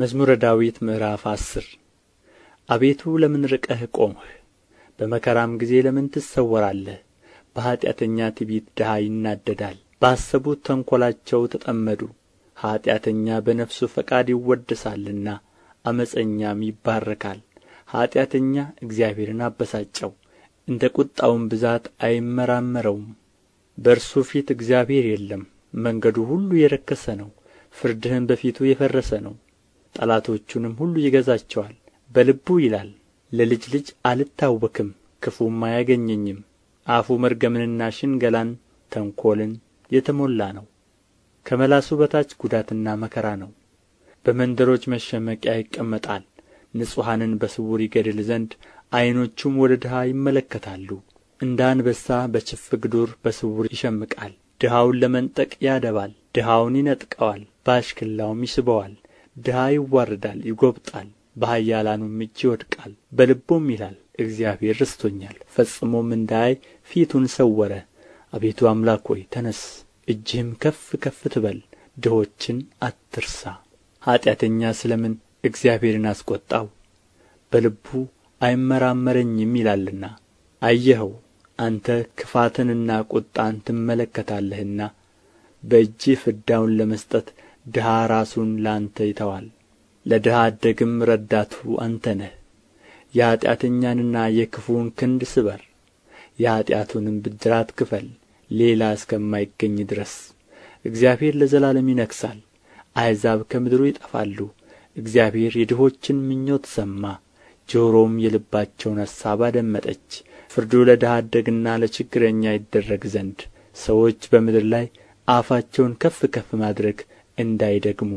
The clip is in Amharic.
መዝሙረ ዳዊት ምዕራፍ አስር አቤቱ ለምን ርቀህ ቆምህ? በመከራም ጊዜ ለምን ትሰወራለህ? በኃጢአተኛ ትቢት ድሃ ይናደዳል። ባሰቡት ተንኰላቸው ተጠመዱ። ኃጢአተኛ በነፍሱ ፈቃድ ይወደሳልና ዓመፀኛም ይባረካል። ኃጢአተኛ እግዚአብሔርን አበሳጨው፣ እንደ ቁጣውን ብዛት አይመራመረውም። በእርሱ ፊት እግዚአብሔር የለም። መንገዱ ሁሉ የረከሰ ነው፣ ፍርድህም በፊቱ የፈረሰ ነው። ጠላቶቹንም ሁሉ ይገዛቸዋል በልቡ ይላል ለልጅ ልጅ አልታወክም ክፉም አያገኘኝም አፉ መርገምንና ሽንገላን ተንኰልን የተሞላ ነው ከመላሱ በታች ጉዳትና መከራ ነው በመንደሮች መሸመቂያ ይቀመጣል ንጹሐንን በስውር ይገድል ዘንድ ዐይኖቹም ወደ ድሀ ይመለከታሉ እንደ አንበሳ በችፍግ ዱር በስውር ይሸምቃል ድሃውን ለመንጠቅ ያደባል ድሃውን ይነጥቀዋል በአሽክላውም ይስበዋል ድሀ ይዋረዳል ይጐብጣል በኃያላኑም እጅ ይወድቃል በልቡም ይላል እግዚአብሔር ረስቶኛል ፈጽሞም እንዳይ ፊቱን ሰወረ አቤቱ አምላክ ሆይ ተነስ እጅህም ከፍ ከፍ ትበል ድሆችን አትርሳ ኀጢአተኛ ስለ ምን እግዚአብሔርን አስቈጣው በልቡ አይመራመረኝም ይላልና አየኸው አንተ ክፋትንና ቍጣን ትመለከታለህና በእጅህ ፍዳውን ለመስጠት ድሀ ራሱን ለአንተ ይተዋል ለድሀ አደግም ረዳቱ አንተ ነህ የኀጢአተኛንና የክፉውን ክንድ ስበር የኀጢአቱንም ብድራት ክፈል ሌላ እስከማይገኝ ድረስ እግዚአብሔር ለዘላለም ይነግሣል አሕዛብ ከምድሩ ይጠፋሉ እግዚአብሔር የድሆችን ምኞት ሰማ ጆሮም የልባቸውን አሳብ አደመጠች ፍርዱ ለድሀ አደግና ለችግረኛ ይደረግ ዘንድ ሰዎች በምድር ላይ አፋቸውን ከፍ ከፍ ማድረግ እንዳይደግሙ